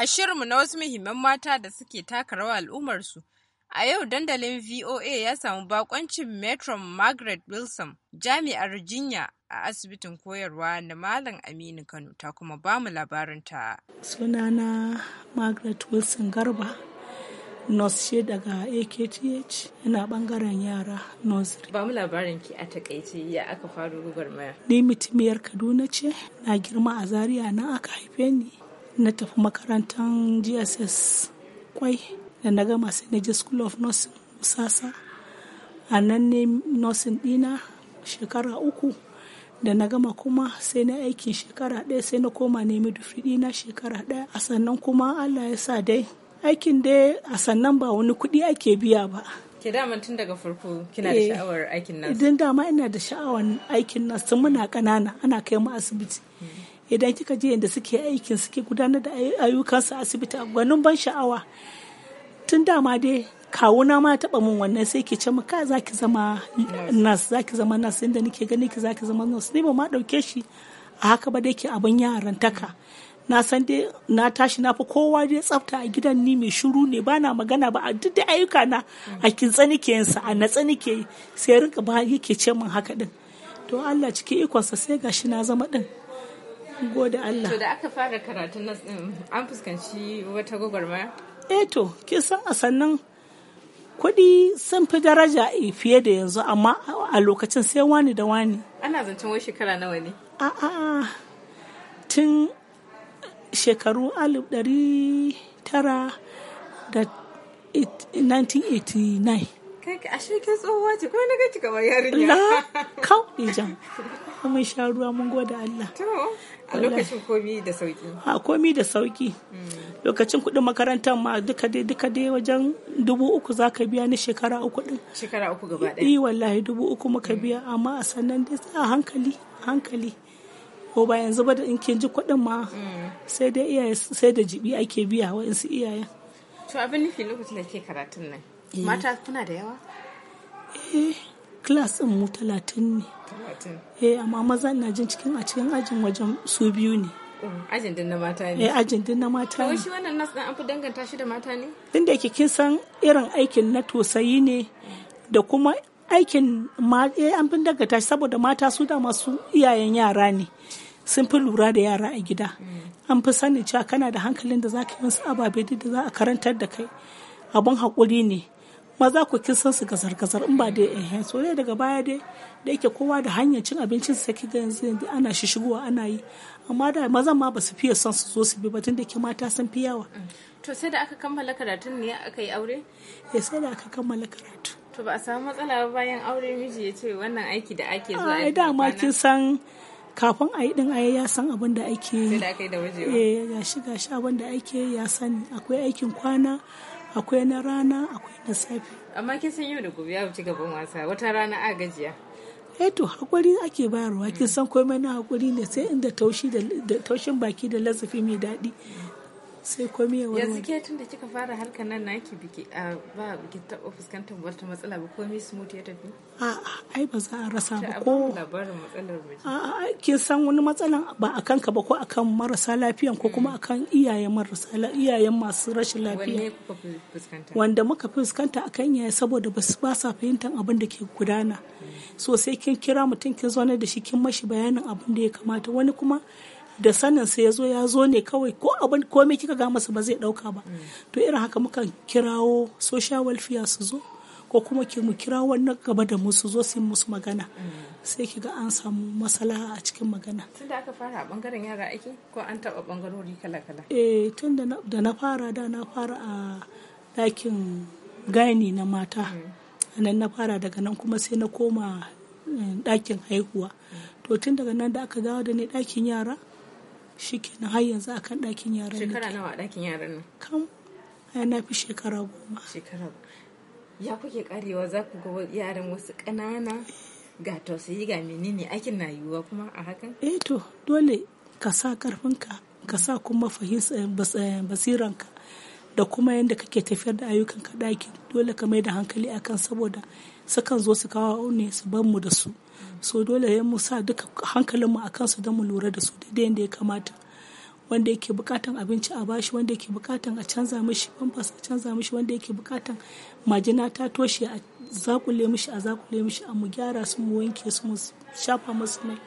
a shirinmu na wasu muhimman mata da suke taka rawa al'ummarsu. A yau dandalin VOA ya samu bakoncin Metron Margaret Wilson, jami'ar jinya a asibitin koyarwa na Malam Aminu Kano ta kuma ba mu labarinta. Sunana Margaret Wilson Garba, nurse ce daga AKTH yana bangaren yara nursery. Ba mu labarin ki a takaice ya aka faru maya. Ni mutumiyar Kaduna ce, na girma a Zaria na aka haife ni. na tafi makarantar gss kwai da na gama sai na je school of nursing musasa a nan ne nursing dina shekara uku da na gama kuma sai na aikin shekara ɗaya sai na koma nemi dufi dina shekara ɗaya a sannan kuma allah ya sa dai aikin dai a sannan ba wani kuɗi ake biya ba ke daman tun daga farko kina da eh, sha'awar aikin nas idan dama ina da sha'awar aikin nan tun muna ƙanana ana kai mu asibiti mm -hmm. idan kika je inda suke aikin suke gudanar da ayyukansu a asibiti a gwanin ban sha'awa tun dama dai kawuna ma taɓa min wannan sai ke ce ka za ki zama nas za zama nas inda nake gani ki zaki ki zama nas ni ba ma ɗauke shi a haka ba dai ke abin yaran taka na san dai na tashi na fi kowa dai tsafta a gidan ni mai shiru ne ba na magana ba a duk da ayyuka na a kintsa nake yin a natsa yi. sai rinka ba yake ce min haka din to Allah cike ikonsa sai gashi na zama din gode Allah to da aka fara karatun nas ɗin an fuskanci wata gwagwarmaya eh to kisa san a sannan kuɗi sun fi daraja fiye da yanzu amma a lokacin sai wani da wani ana zancen wai shekara nawa ne a'a tun shekaru alif ɗari tara da 1989 kai ashe ke tsohuwa ce kuma na gaji kamar yarinya la kau ijan mun sha ruwa mun gode Allah a lokacin komi da sauki a komi da sauki mm. lokacin kuɗin makarantar ma duka dai duka dai wajen dubu uku za ka biya ni shekara uku din shekara uku gaba ɗaya eh wallahi dubu uku muka mm. biya amma a sannan dai a hankali hankali ko ba yanzu ba da in kin ji kuɗin ma mm. sai dai iyaye sai da jibi ake biya su iyaye. to abin nufi lokacin da ke karatun nan eh. mata kuna da yawa eh class din mu talatin ne eh amma maza ina jin cikin a cikin ajin wajen su biyu ne mm, ajin din na mata ne eh ajin din na mata ne shi wannan nas din an fi danganta shi da mata ne din da yake kin san irin aikin na tosayi ne da kuma aikin ma eh an fi danganta shi saboda mata su da masu iyayen yara ne sun fi lura da yara a gida mm. an fi sanin cewa kana da hankalin da za ka yi wasu ababe da za a karantar da kai abin haƙuri ne maza ku kin san su gasar gasar in ba dai eh so dai daga baya dai da yake kowa da hanyar cin abincin su ki ga yanzu ana shishigowa ana yi amma da mazan ma ba su fiye son su zo su bi batun da ke mata sun fi yawa to sai da aka kammala karatun ne aka yi aure eh sai da aka kammala karatu to ba a samu matsala ba bayan aure miji ya ce wannan aiki da ake zuwa ai ma kin san kafin a yi din ayi ya san abin da ake yi eh shiga shi abin da ake ya sani akwai aikin kwana akwai na rana akwai na safe amma kin san yau da gobe ya ci gaban wasa wata rana a gajiya eto eh hakuri ake bayarwa kin san komai na hakuri ne sai inda taushi da taushin baki da lazafi mai daɗi sai komi ya yanzu ke tun da kika fara harkar nan naki biki a ba biki taɓa fuskantar wata matsala ba komai smooth ya tafi a'a ai ba za a rasa ba ko labarin matsalar a'a ke san wani matsalan ba a kanka ba ko akan marasa lafiyan ko kuma akan iyayen marasa iyayen masu rashin lafiya wanda muka fuskanta akan iyaye saboda ba ba sa fahimtar abin da ke gudana hmm. so sai kin kira mutum kin zo da shi kin mashi bayanin abin da ya kamata wani kuma da sanin sa ya zo ya zo ne kawai ko abin komai kika ga masa ba zai dauka ba mm. to irin haka mukan kirawo social welfare su zo ko kuma ke mu kira wannan gaba da musu zo su musu magana mm. sai ki ga an samu masala a cikin magana tunda aka fara a bangaren yara aiki ko an taba bangarori kala-kala eh tun da na fara da na fara a ɗakin gani na mata mm. nan na fara daga nan kuma sai na koma eh, ɗakin haihuwa to tun daga nan da aka dawo da ni ɗakin yara kenan har yanzu akan ɗakin yaran shekara nawa ɗakin yaran nan kam na fi shekara goma shekara ya kuke karewa za ku ga yaran wasu ƙanana ga tausayi ga menene aikin na yiwuwa kuma a hakan eh to dole ka sa ƙarfinka ka sa kuma fahimtar eh, eh, basiranka da kuma yadda kake tafiyar da ayyukan ka ɗakin dole ka mai da hankali akan saboda sukan zo su kawo ne su ban mu da su so dole ya musa duka hankalinmu a kansu don mu lura da su daidai yadda ya kamata wanda yake bukatan abinci a bashi wanda yake bukatan a canza mishi pampers a canza mishi wanda yake bukatan majina ta toshe a zakule mishi a zakule mishi a mu gyara su mu wanke su mu shafa musu mai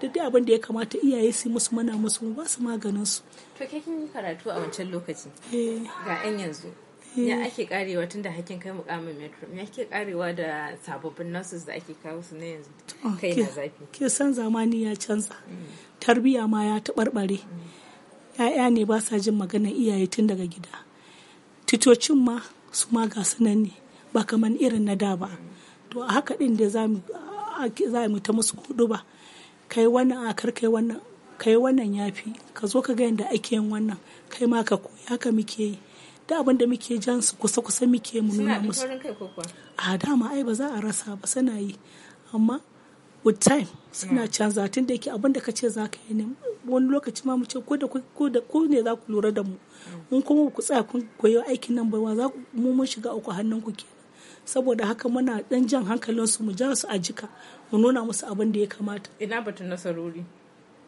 duk dai abin da ya kamata iyaye su musu mana musu mu ba su maganin su to ke kin karatu a wancan lokaci eh. ga yan yanzu ya eh. ake karewa tun da hakin kai mukamin metro ya ake karewa da sababbin nurses da ake kawo su na yanzu oh, kai na zafi ke san zamani ya canza mm. tarbiya ma ya taɓarɓare mm. ya'ya ne ba sa jin magana iyaye tun daga gida titocin ma su ma ga sunan ne ba kamar irin na da ba mm. to a haka din da za mu ta musu hudu ba kai wannan a kar kai wannan kai wannan yafi ka zo ka ga yadda ake yin wannan kai ma ka koya ka muke yi da abin da muke jan su kusa kusa muke mu nuna musu a dama ai ba za a rasa ba suna yi amma with time suna canza tun da yake abin da ka ce za ka yi ne wani lokaci ma mu ce ko da ko ne za ku lura da mu mun mm. kuma ku tsaya kun koyo aikin nan wa za mu mun shiga uku hannun ku ke saboda haka muna dan jan hankalin su mu ja su a jika mu nuna musu abin da ya kamata ina batun nasarori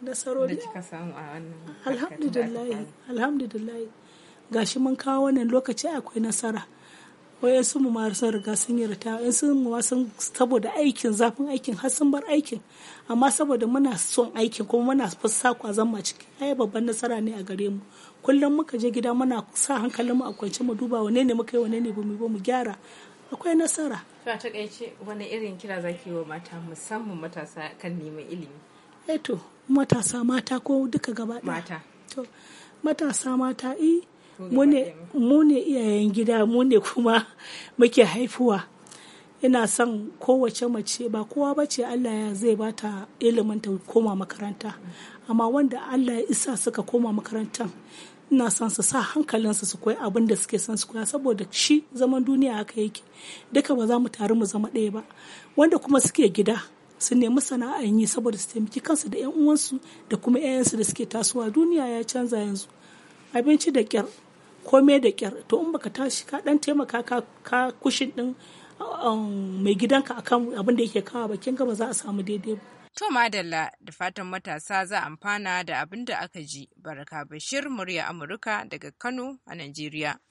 nasarori da kika samu a wannan alhamdulillah alhamdulillah gashi mun kawo wannan lokaci akwai nasara su mu marasa riga sun yi rita sun mu sun saboda aikin zafin aikin har sun bar aikin amma saboda muna son aikin kuma muna fassa kwazon ma ciki ai babban nasara ne a gare mu kullum muka je gida muna sa hankalin mu a kwance mu duba wane ne muka yi wane ne bamu ba mu gyara akwai nasara ta takaice wani irin kira zaki wa mata musamman matasa kan neman ilimi eh to matasa mata ko duka gaba mata to matasa mata eh mu ne iyayen gida mu ne kuma muke haifuwa ina son kowace mace ba kowa ba ce allah ya zai bata ta ilimin ta koma makaranta amma wanda allah ya isa suka koma makarantar ina son su sa hankalinsu su koyi abin da suke son su koya saboda shi zaman duniya haka yake duka ba za mu taru mu zama ɗaya ba wanda kuma suke gida su nemi sana'an yi saboda su taimaki kansu da 'yan uwansu da kuma 'ya'yansu da suke tasowa duniya ya canza yanzu abinci da kyar komai da kyar to in baka tashi ka dan taimaka ka ka kushin din um, mai gidanka akan abin da yake kawo bakin gaba za a samu daidai ba To Madalla da fatan matasa za a amfana da abin da aka ji. Baraka Bashir murya Amurka daga Kano a Najeriya.